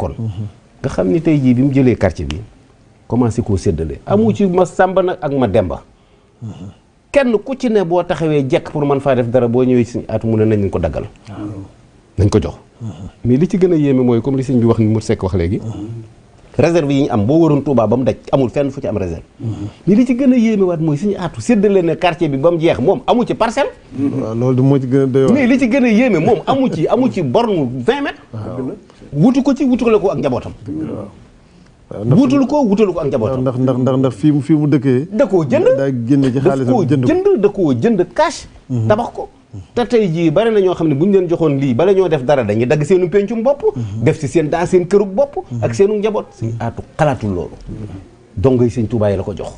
kon nga xam ni tey jii bi mu jëlee quartier bi commencé koo séddale amu ci ma sàmba nag ak ma demba kenn ku ci ne boo taxawee jekk pour man faa def dara boo ñëwee si at mu ne nañ ko daggal nañ ko jox mhm. mais li ci gën a yéeme mooy comme li sëñ bi wax ni mu sekk wax léegi réserve yi ñu am boo waroon Touba ba mu daj amul fenn fu ci am réserve mhm. mais li ci gën a yéeme waat mooy suñu aatu séddale na quartier bi ba mu jeex moom amu ci parcelle mhm. waaw loolu du moo ci gën a doy mais li ci gën a yéeme moom amu ci amu ci borne vingt mètres wutu ko ci wutu ko ak njabootam wutul ko wutul ko ak njabootam ndax ndax ndax ndax fii fii mu dëkkee da koo jënd daa génn jënd da koo jënd da koo jënd cash mhm. tabax ko te tey jii bari na ñoo xam ne bu ñu leen joxoon lii bala ñoo def dara dañuy dagg seenu pencum bopp mhm. def si seen daa seen kërug bopp ak mhm. seenu njaboot suñ aatu xalaatul loolu mhm. dongoy sëñ Tuubaa yi la ko jox